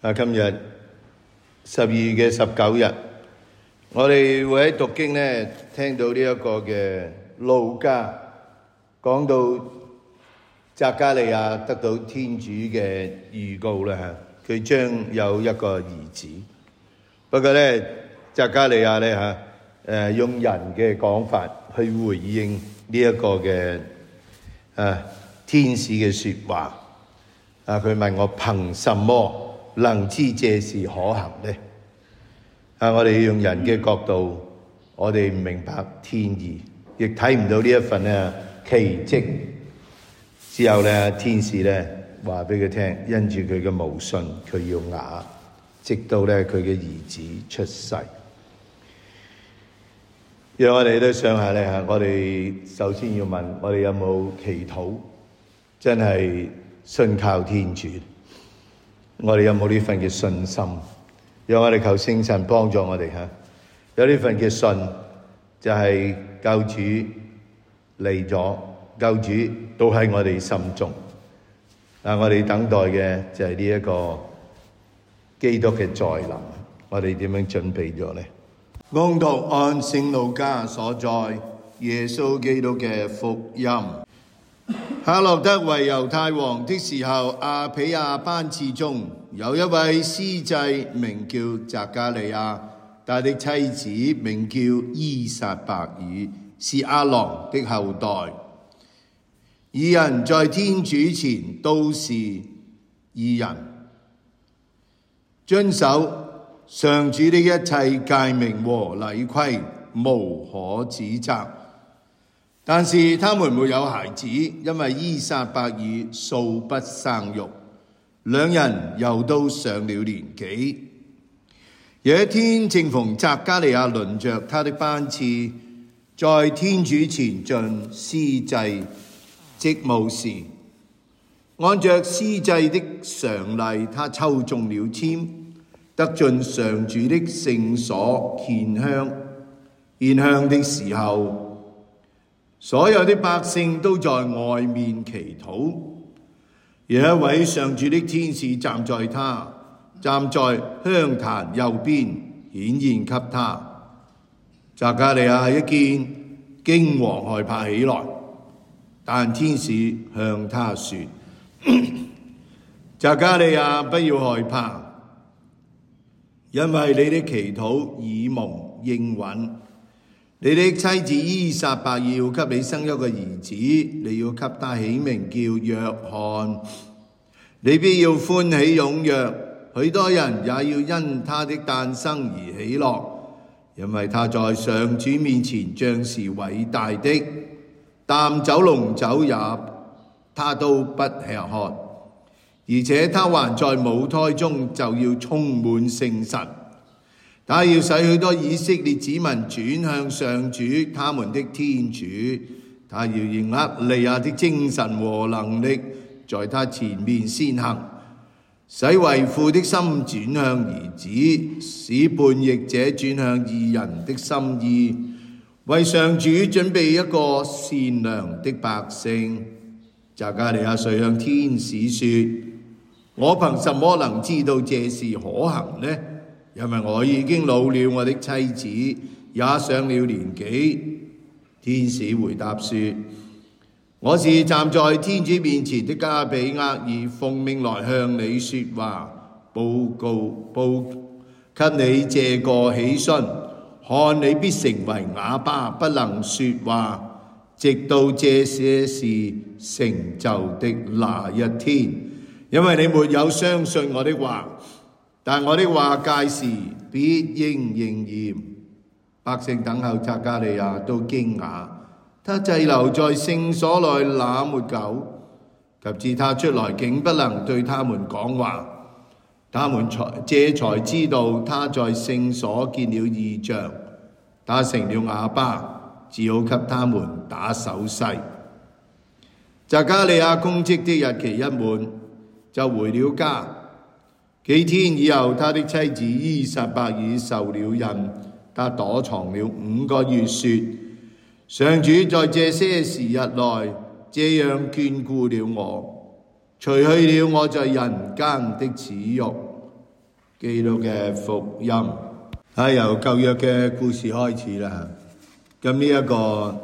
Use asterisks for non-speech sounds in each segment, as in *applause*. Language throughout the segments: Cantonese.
啊！今日十二月十九日，我哋會喺讀經咧，聽到呢一個嘅路加講到匝加利亞得到天主嘅預告啦吓，佢將有一個兒子。不過呢，匝加利亞呢，吓、啊，用人嘅講法去回應呢一個嘅誒、啊、天使嘅說話。啊！佢問我憑什麼？能知這事可行呢？啊，我哋用人嘅角度，我哋唔明白天意，亦睇唔到呢一份呢奇迹。之後呢，天使呢話畀佢聽，因住佢嘅無信，佢要啞，直到呢佢嘅兒子出世。讓我哋都想下呢，我哋首先要問我哋有冇祈禱，真係信靠天主。我哋有冇呢份嘅信心？有我哋求聖神，神幫助我哋吓。有呢份嘅信就，就係救主嚟咗，救主都喺我哋心中。嗱，我哋等待嘅就係呢一個基督嘅再臨。我哋點樣準備咗咧？安道安聖路加所在，耶穌基督嘅福音。黑落德為猶太王的時候，阿彼雅班次中有一位司祭，名叫匝加利亞，他的妻子名叫依撒伯爾，是亞郎的後代。二人在天主前都是義人，遵守上主的一切誡命和禮規，無可指責。但是他們沒有孩子，因為依撒伯爾素不生育。兩人又都上了年紀。有一天正逢匝加利亞輪着他的班次，在天主前進司祭職務時，按着司祭的常例，他抽中了籤，得進上主的聖所獻香。獻香的時候，所有啲百姓都在外面祈禱，有一位上主的天使站在他，站在香壇右邊顯現給他。扎加利亞一見驚惶害怕起來，但天使向他說：扎 *laughs* 加利亞不要害怕，因為你的祈禱已蒙應允。你的妻子依撒伯爾要給你生一個兒子，你要給他起名叫若翰。你必要歡喜踴躍，許多人也要因他的誕生而喜樂，因為他在上主面前將是偉大的。淡酒濃酒，他都不吃喝，而且他還在母胎中就要充滿聖神。他要使許多以色列子民轉向上主，他們的天主。他要以厄里亞的精神和能力，在他前面先行，使為父的心轉向兒子，使叛逆者轉向義人的心意，為上主準備一個善良的百姓。匝加利亞遂向天使説：我憑什麼能知道這事可行呢？因為我已經老了，我的妻子也上了年紀。天使回答說：我是站在天主面前的加比厄爾，奉命來向你説話，報告報給你這個喜訊，看你必成為啞巴，不能説話，直到這些事成就的那一天，因為你沒有相信我的話。但我的話屆時必應應驗，百姓等候匝加利亞都驚訝，他滯留在聖所內那麼久，及至他出來，竟不能對他們講話，他們才這才知道他在聖所見了異象，他成了啞巴，只好給他們打手勢。匝加利亞公職的日期一滿，就回了家。幾天以後，他的妻子伊撒伯爾受了孕，他躲藏了五個月。說：上主在這些時日內這樣眷顧了我，除去了我在人間的恥辱。基督嘅福音，喺、 *noise* *noise* 啊、由舊約嘅故事開始啦。咁呢一個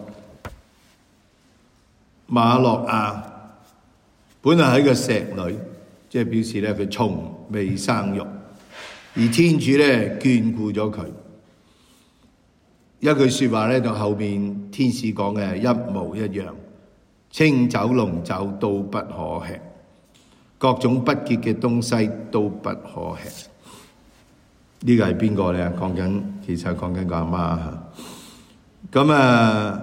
馬諾亞本係係個石女。即係表示咧，佢從未生育，而天主咧眷顧咗佢。一句説話咧，同後面天使講嘅一模一樣：清酒、濃酒都不可吃，各種不潔嘅東西都不可吃。呢個係邊個咧？講緊，其實講緊個阿媽。咁啊，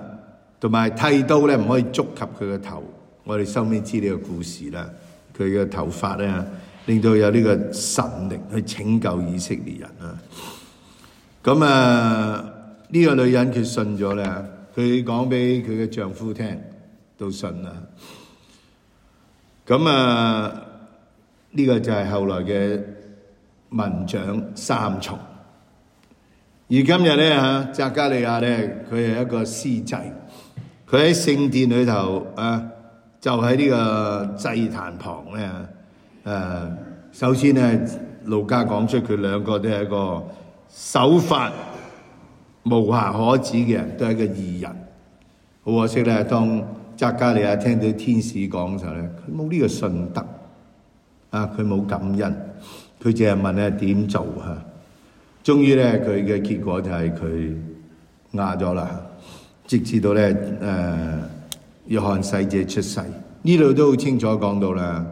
同埋剃刀咧，唔可以觸及佢嘅頭。我哋收尾知呢個故事啦。佢嘅頭髮咧，令到有呢個神力去拯救以色列人啊！咁、嗯、啊，呢、這個女人佢信咗咧，佢講俾佢嘅丈夫聽，都信啦。咁、嗯、啊，呢、這個就係後來嘅文長三重。而今日咧嚇，扎、啊、加利亞咧，佢係一個司祭，佢喺聖殿裏頭啊。就喺呢個祭壇旁咧，誒、呃，首先咧，路加講出佢兩個都係一個守法無瑕可指嘅人，都係一個義人。好可惜咧，當匝加利亞聽到天使講嘅時候咧，佢冇呢個信德，啊，佢冇感恩，佢淨係問咧點做吓、啊，終於咧佢嘅結果就係佢啞咗啦，直至到咧誒。呃約翰洗者出世呢度都好清楚講到啦。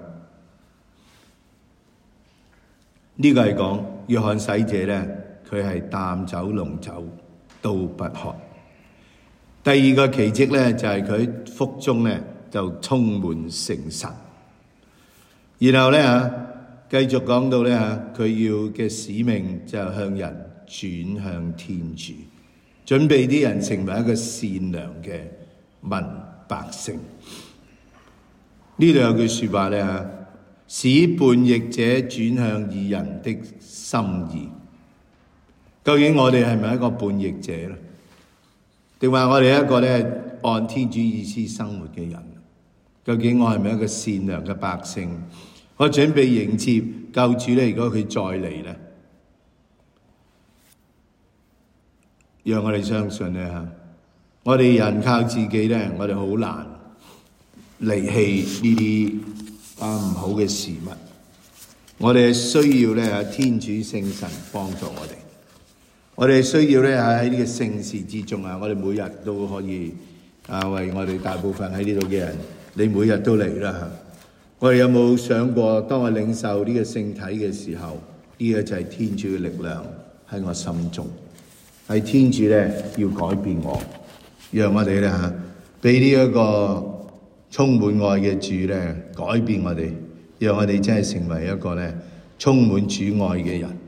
呢個係講約翰洗者呢，佢係淡酒濃酒都不喝。第二個奇蹟呢就係佢腹中呢就充滿聖神。然後呢吓繼續講到呢吓，佢要嘅使命就係向人轉向天主，準備啲人成為一個善良嘅民。百姓呢度有句說話咧啊，使叛逆者轉向義人的心意。究竟我哋係咪一個叛逆者咧？定話我哋一個咧按天主意思生活嘅人？究竟我係咪一個善良嘅百姓？我準備迎接救主咧。如果佢再嚟咧，讓我哋相信咧啊！我哋人靠自己咧，我哋好難離棄呢啲唔好嘅事物。我哋需要咧，天主聖神幫助我哋。我哋需要咧，喺呢個聖事之中啊，我哋每日都可以啊，為我哋大部分喺呢度嘅人，你每日都嚟啦。我哋有冇想過，當我領受呢個聖體嘅時候，呢個就係天主嘅力量喺我心中，係天主咧要改變我。讓我哋咧吓，俾呢一個充滿愛嘅主咧改變我哋，讓我哋真係成為一個咧充滿主愛嘅人。